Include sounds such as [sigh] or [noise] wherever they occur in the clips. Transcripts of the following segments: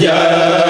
ja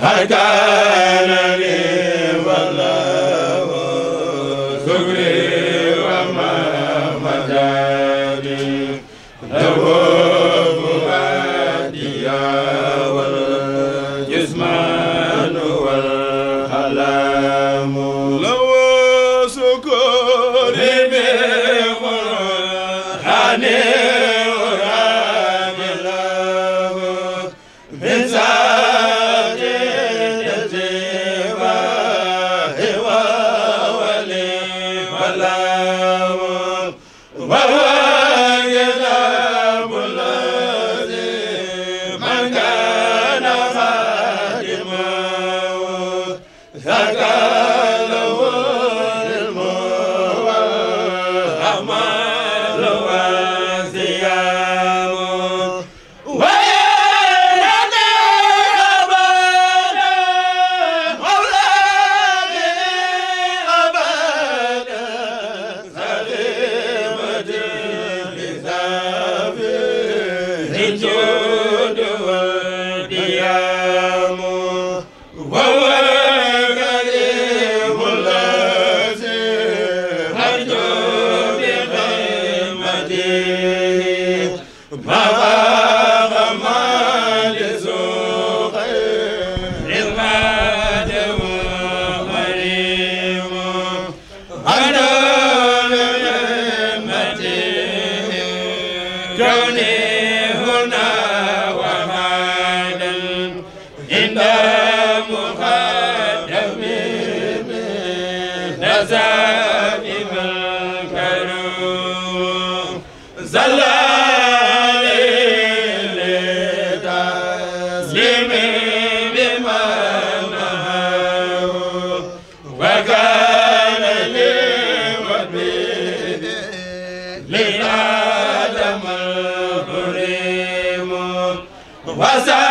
Haga wa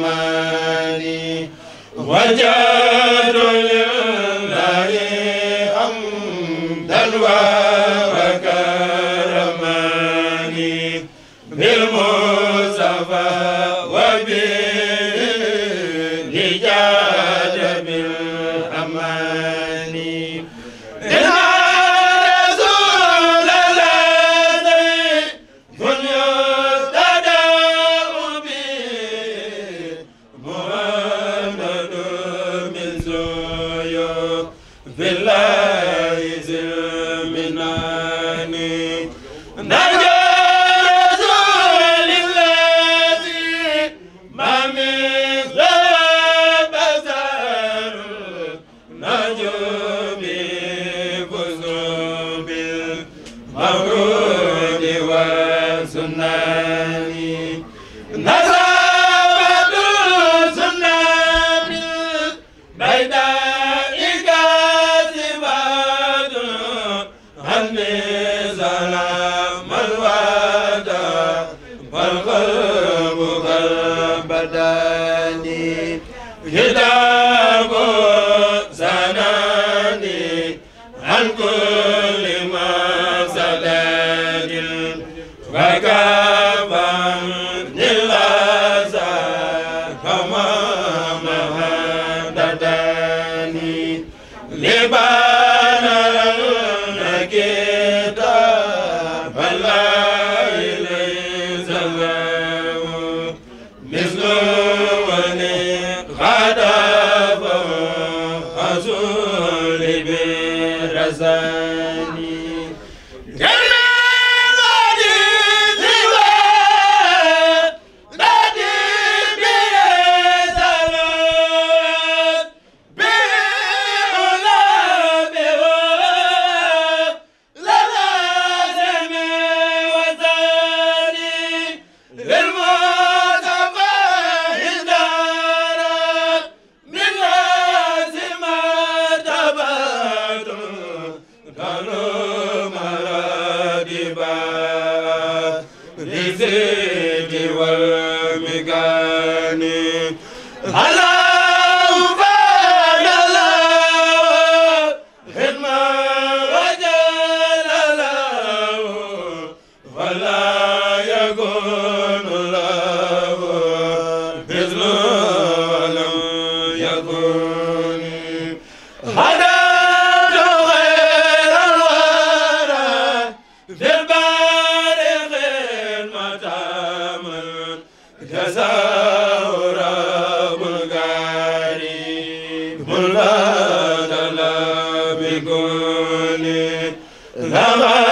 الرحمن وجاد لله حمدا li ba بكل لغة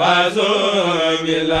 Fazul bila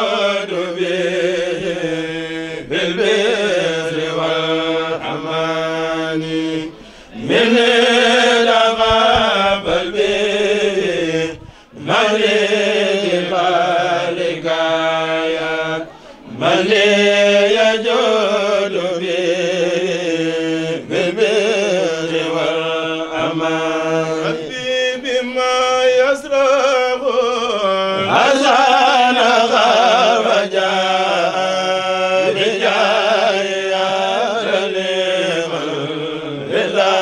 la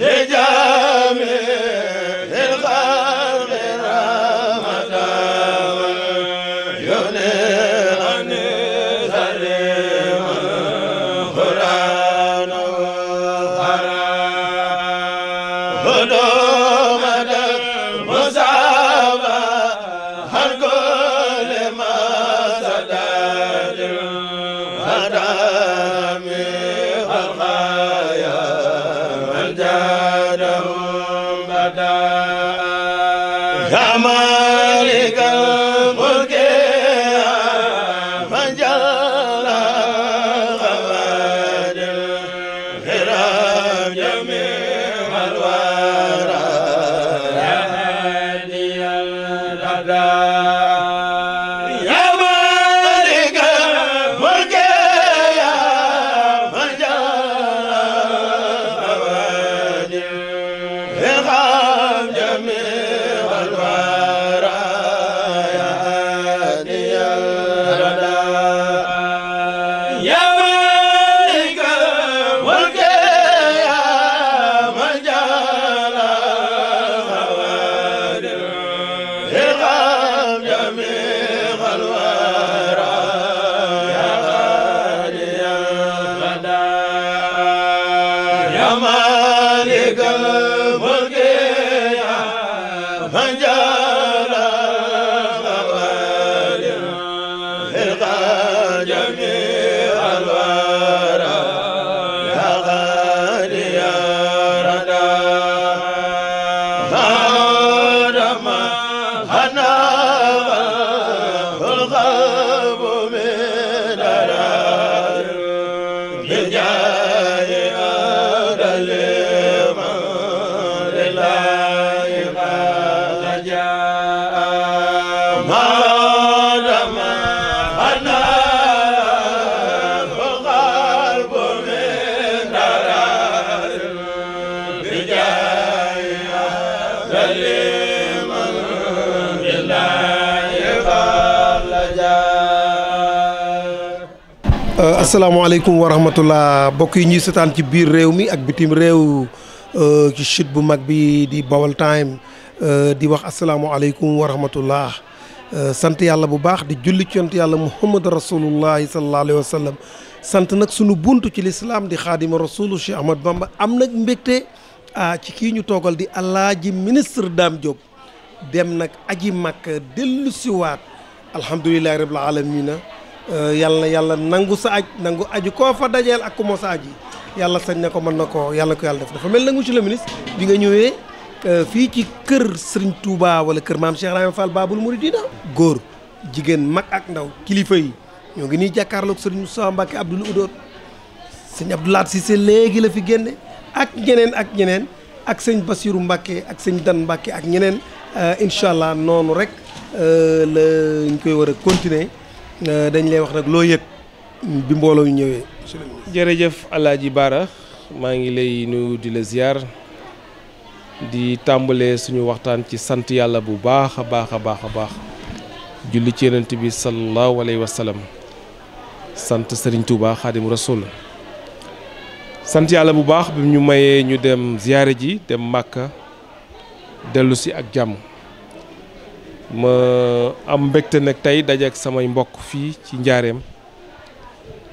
he ja Euh, asalaamaaleykum wa rahmatullah mbokk yi ñuy setaan ci biir réew mi ak bitim réew euh, ci chute bu mag bi di Baol Time euh, di wax asalaamaaleykum wa rahmatullah sant yàlla bu baax di julli ci yàlla muhammad rasulullahi sallallahu alayhi wa sallam sant nag suñu buntu ci lislaam di xaadima rasulu Cheikh Ahmad Bamba am nag mbégte ci kii ñu toogal di ji ministre Dame Diop dem nag aji Makka dellu siwaat alhamdulilahi rabbil alamina Euh, yàlla yàlla nangu sa aj nangu aju koo fa dajeel ak ku moo sa aji yàlla sañ na ko mën na koo yàlla ko yàlla def dafa mel na monsieur le ministre bi nga ñëwee euh, fii ci kër sëriñ Touba wala kër maam Cheikh Rahim Fall Babul Mouridina góor jigéen mag ak ndaw kilifa yi ñoo ngi nii jàkkaarloog Serigne Moussa Mbacke ab Oudour sëñ Abdoulaat Cissé léegi la fi génne ak ñeneen ak ñeneen ak sëñ basiiru Mbacke ak sëñ Dan Mbacke ak ñeneen euh, incha allah noonu rek lañ koy war a continuer. Euh, dañ lay wax nag loo yëg bi mbooloo ñëwee. jërëjëf Alaaji Baara maa ngi lay nuyu di la ziar di tàmbalee suñu waxtaan ci sant yàlla bu baax a baax a baax a baax julli ci yonent bi sallallahu alayhi wa sallam sant Serigne Touba Xaadim Rasul sant yàlla bu baax bi ñu mayee ñu dem ziyaare ji dem Màkka dellu si ak jàmm. ma am mbegte nag tey daje ak samay mbokk fii ci njaareem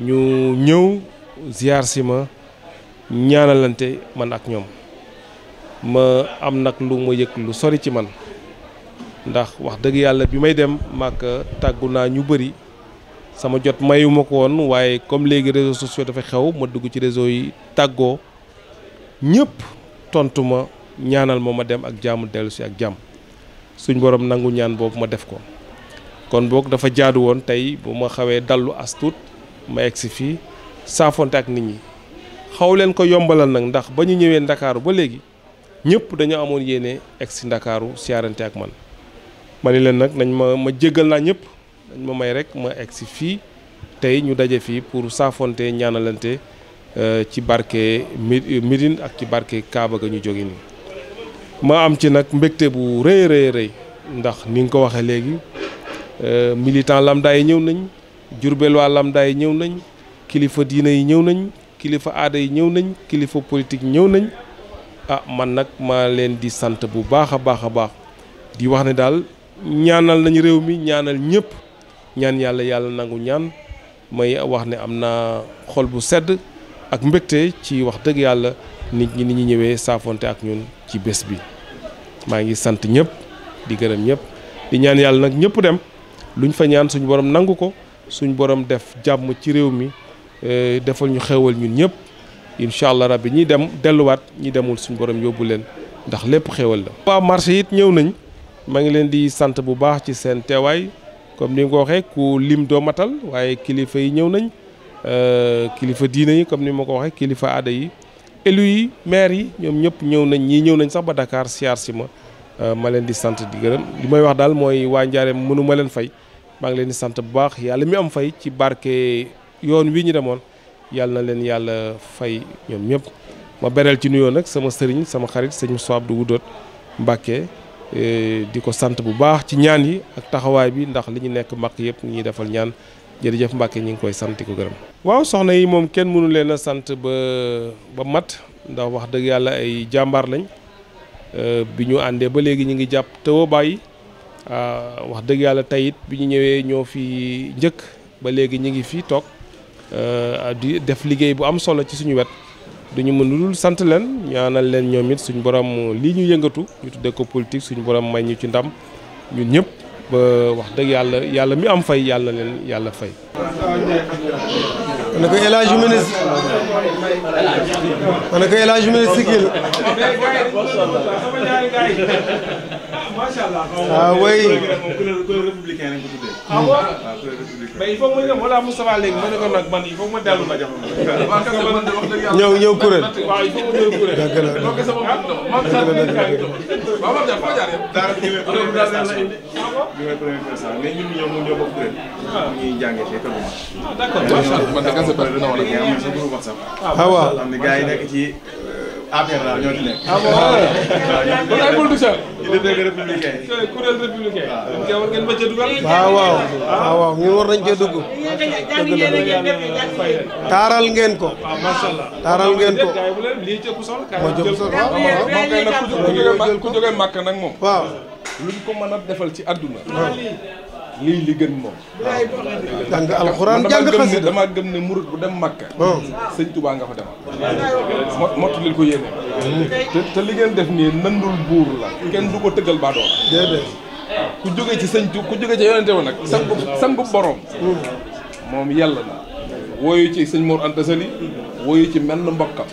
ñu ñëw ziar si ma ñaanalante man ak ñoom ma am nag lu ma yëg lu sori ci man ndax wax dëgg yàlla bi may dem Màkka tàggu naa ñu bëri sama jot mayuma ko woon waaye comme léegi réseaux sociaux dafa xew ma dugg ci réseau yi tàggoo ñëpp tontu ma ñaanal ma ma dem ak jàmm dellu si ak jàmm suñ borom nangu ñaan boobu ma def ko kon boog dafa jaadu woon tey bu ma xawee dallu as tuut ma egsi fii saafonte ak nit ñi xaw leen ko yombalal nag ndax ba ñu ñëwee ndakaaru ba léegi ñëpp dañoo amoon yéene egsi ndakaaru siyaarante ak man ma ni leen nag nañ ma ma jéggal naa ñëpp dañ ma may rek ma egsi fii tey ñu daje fii pour saafonte ñaanalante euh, ci barke Médine ak ci barke Kaaba ga ñu jóge nii ma am ci nag mbégte bu rëy rëy rëy ndax ni nga ko waxee léegi euh, militant lambda yi ñëw nañ Jurbel waa lambda yi ñëw nañ kilifa diina yi ñëw nañ kilifa aada yi ñëw nañ kilifa politique ñëw nañ a ah, man nag ma leen di sant bu baax a baax a baax di wax ne daal ñaanal nañu réew mi ñaanal ñëpp ñaan yàlla yàlla nangu ñaan may wax ne am na xol bu sedd ak mbégte ci wax dëgg yàlla nit ñi ni ñu ñëwee saafonte ak ñun ci bés bi maa ngi sant ñëpp di gërëm ñëpp di ñaan yàlla nag ñëpp dem luñ fa ñaan suñu borom nangu ko suñu borom def jàmm ci réew mi eh, defal ñu xewal ñun ñëpp incha allah rab bi ñi dem delluwaat ñi demul suñu borom yóbbu leen ndax lépp xewal la. waaw marché it ñëw nañ maa ngi leen di sant bu baax ci seen teewaay comme ni nga ko waxee ku lim doomatal waaye kilifa yi ñëw nañ eh, kilifa diine yi comme ni ma ko waxee kilifa aada yi. élus yi maire yi ñoom ñëpp ñëw nañ ñii ñëw nañ sax ba Dakar siyaar si ma euh, ma leen di sant di gërëm li may wax daal mooy waa Njaareem mënu ma leen fay maa ngi leen di sant bu baax yàlla mi am fay ci barke yoon wi ñu demoon yàlla na leen yàlla fay ñoom ñëpp ma bereel ci nuyoo nag sama sëriñ sama xarit sëñ Moussa Abdou Wudoot Mbàkke euh, di ko sant bu baax ci ñaan yi ak taxawaay bi ndax li ñu nekk mag yëpp ñuy defal ñaan jërëjëf Mbacke ñu ngi koy sant ko gërëm. waaw soxna yi moom kenn mënu leen a sant ba ba mat ndax wax dëgg yàlla ay jàmbaar lañ euh, bi ñu àndee ba léegi ñu ngi jàpp tëwa bàyyi euh, wax dëgg yàlla tey it bi ñu ñëwee ñoo fi njëkk ba léegi ñu ngi fii toog euh, di def liggéey bu am solo ci suñu wet. duñu mën dul sant leen ñaanal leen ñoom it suñu borom lii ñu yëngatu ñu tuddee ko politique suñu borom may ñu ci ndam ñun ñëpp. ba wax dëgg yàlla yàlla mi am fay yàlla yàlla fay. ma ne ko El Hadj ministre ma ne ko El waaw ah ah, waaw ah, mais il faut que ma ñëw voilà Moustapha léegi ma ne ko nag man il faut que ma dellu nag. [laughs] ñëw ñëw kuréel. waaw il faut que ma APR daal ñoo ci nekk. war ma cee dugal. nañ cee dugg. taaral ngeen ko. waaw macha allah taaral ngeen ko. lii ci ëpp solo. moo jëm solo waaw waaw waaw. ku moom. waaw lu ñu ko mën a defal ci àdduna. lii li gën moom. jàng alxuraan jàng xasida gëm ne murid bu dem Makka. Hmm. sëñ Tuubaa nga fa demal. mot mottali ko yéene. te te li def nii nandul buur la. kenn du ko tëggal baa doon. ku jógee ci sëñ ku jógee ci yonente woon nag. sangu sangu borom. Hmm. moom yàlla na. wooyu ci sëñ Mor Anta wooyu ci menn mbokkam.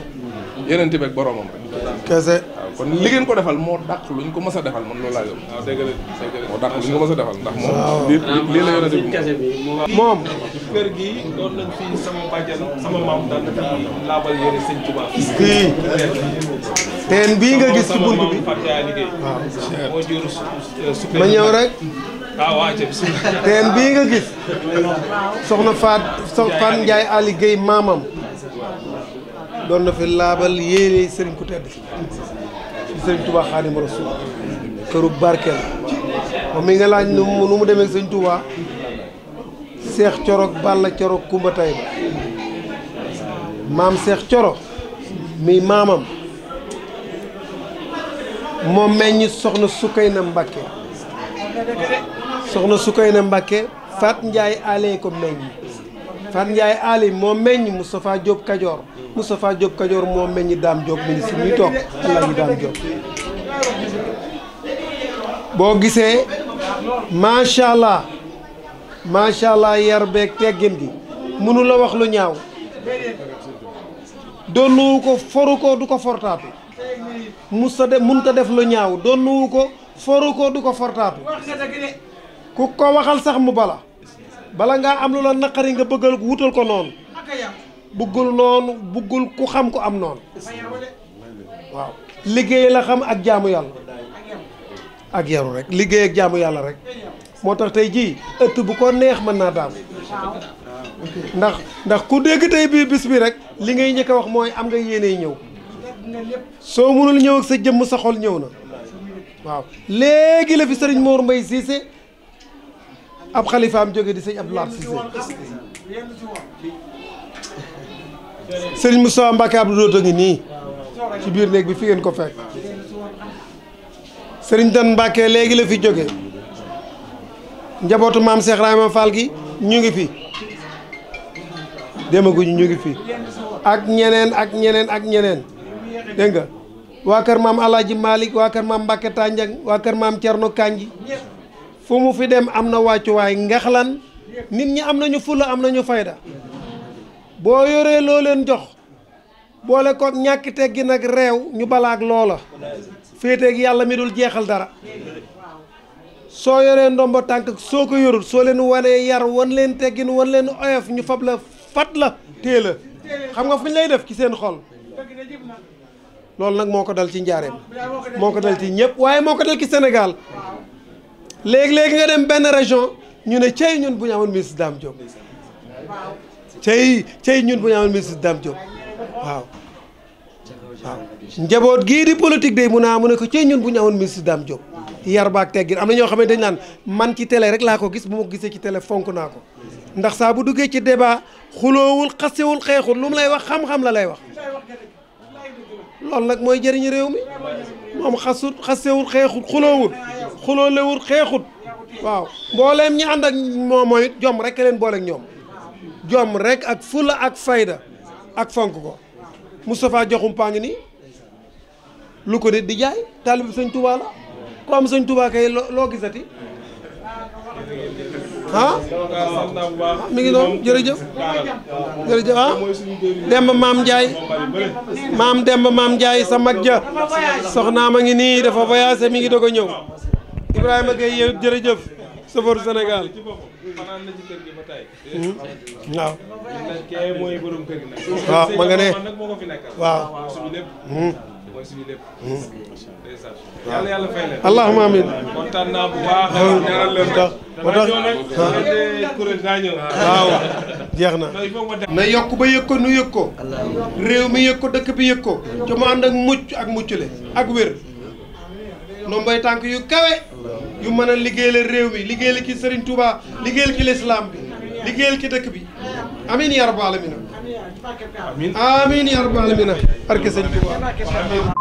yonente beeg boromam rek. kese. kon li ngeen ko defal moo dàq luñ ko mës a defal man loolu ah, la dëgg moo dàq luñ ko a defal moom. waaw bi moom. kër gi doon na fi laabal yére sëñ teen bii nga gis ci bunt bi ma ñëw rek. Ah, teen bii nga gis. soxna Faat soxna Faat Ndiaye Ali maamam. doon na fi laabal yére sëriñ ku tedd. di sëñ Xaadim Rasul këru barkeel moom mi nga laaj nu mu demee sëñ Touba seex coro Balla coro Kumba Tayba maam seex coro mi maamam moo meññ soxna Sukayna Mbàkke soxna Sukayna Mbàkke Fat Njaay alee ko meññ Fat Ndiaye Ali moo meññ Moustapha Diop Kajoor Moustapha Diop Kajoor moo meññ Dame Diop ministre ñuy toog allah ñu boo gisee macha allah macha allah yar beeg teggin gi mënula wax lu ñaaw donnuwu ko foru ko du ko fortaatu musta de munta def lu ñaaw donnuwu ko foru ko du ko fortaatu ku ko waxal sax mu bala bala ngaa am lu la naqari nga bëggal ko wutal ko noonu bëggul noonu bëggul ku xam ko am noonu waaw liggéeye la xam ak jaamu yàlla ak yaru rek liggéey ak jaamu yàlla rek moo tax tey jii ëtt bu ko neex mën naa daam ndax ndax ku dégg tey bii bis bi rek li ngay njëkk a wax mooy am nga yéeney ñëw soo mënul ñëw ak sa jëmm sa xol ñëw na waaw léegi la fi sëriñ Mor Mbaye Cissé ab xalifaam jóge di sëñ Abdoulaye Cissé sëriñ Moustapha Mbacke Abdou Dodo ngi nii ci biir néeg bi fi ngeen ko fekk sëriñ Dan Mbacke léegi la fi jóge njabootu maam Cheikh Rahima Fall gi ñu ngi fi demaguñu ñu ngi fi ak ñeneen ak ñeneen ak ñeneen dégg nga waa kër maam Alaaji Malick waa kër maam Mbacke Tandiang waa kër maam Thierno Kanji fu mu fi dem am na wàccuwaay ngex nit ñi am nañu fulla am nañu fayda boo yoree loo leen jox boole ko ñàkk teggi nag réew ñu balaag loola féeteeg yàlla mi dul jeexal dara soo yoree ndombo tànk soo ko yorul soo leen wonee yar won leen gin won leen oyof ñu fab la fat la tée xam nga fu ñu lay def ci seen xol loolu nag moo ko dal ci njaareem moo ko dal ci ñëpp waaye moo ko dal ci Sénégal léegi-léegi nga dem benn région ñu ne cey ñun bu ñu amoon ministre Dame Diop cey cey ñun bu ñu amoon ministre Dame Diop waaw waaw njaboot gii di politique day mun a mu ne ko cey ñun bu ñu amoon ministre Dame Diop yar baak teggin am na ñoo xam ne dañ naan man ci télé rek laa ko gis bu ma gisee ci télé fonk naa ko ndax saa bu duggee ci débat xuloowul xasewul xeexul lu mu lay wax xam-xam la lay wax loolu nag mooy jëriñu réew mi moom xasut xasewul xeexut xuloowut xuloolewut xeexut waaw mbooleem ñi ànd ak moom mooy jom rek leen booleeg ñoom jom rek ak fula ak fayda ak fonk ko Moustapha Diakhoum paa nii lu ko di di jaay taalib sëñ Touba la ko am sëñ Touba kay loo gisati Ah? ah mi ngi noonu jërëjëf jërëjëf ah maam Ndiaye maam Demba maam Ndiaye sa mag ja soxnaam a ngi nii dafa voyagé mi ngi doog a ñëw Ibrahima Gueye yow jërëjëf sëfoor Sénégal hmm? waaw waaw ma nga ne waaw. mooy suñu lépp. Hmm. yàlla yàlla fay bu baax. Hmm. ñaanal leen tax ba tax hmm. waaw jeex na. na yokk ba yëg ko nu yëg ko. réew mi yëg ko dëkk bi yëg ko. te mu ànd ak mucc ak ak wér. ndombay tànk yu kawe. yu mën a liggéeyal réew mi liggéeyal ki Serigne Touba liggéeyal ki l'islam bi. liggéeyal ci dëkk bi amiin yaa rabbal aalamiina amiin yaa rabbal aalamiina barke sëñ Tuubaa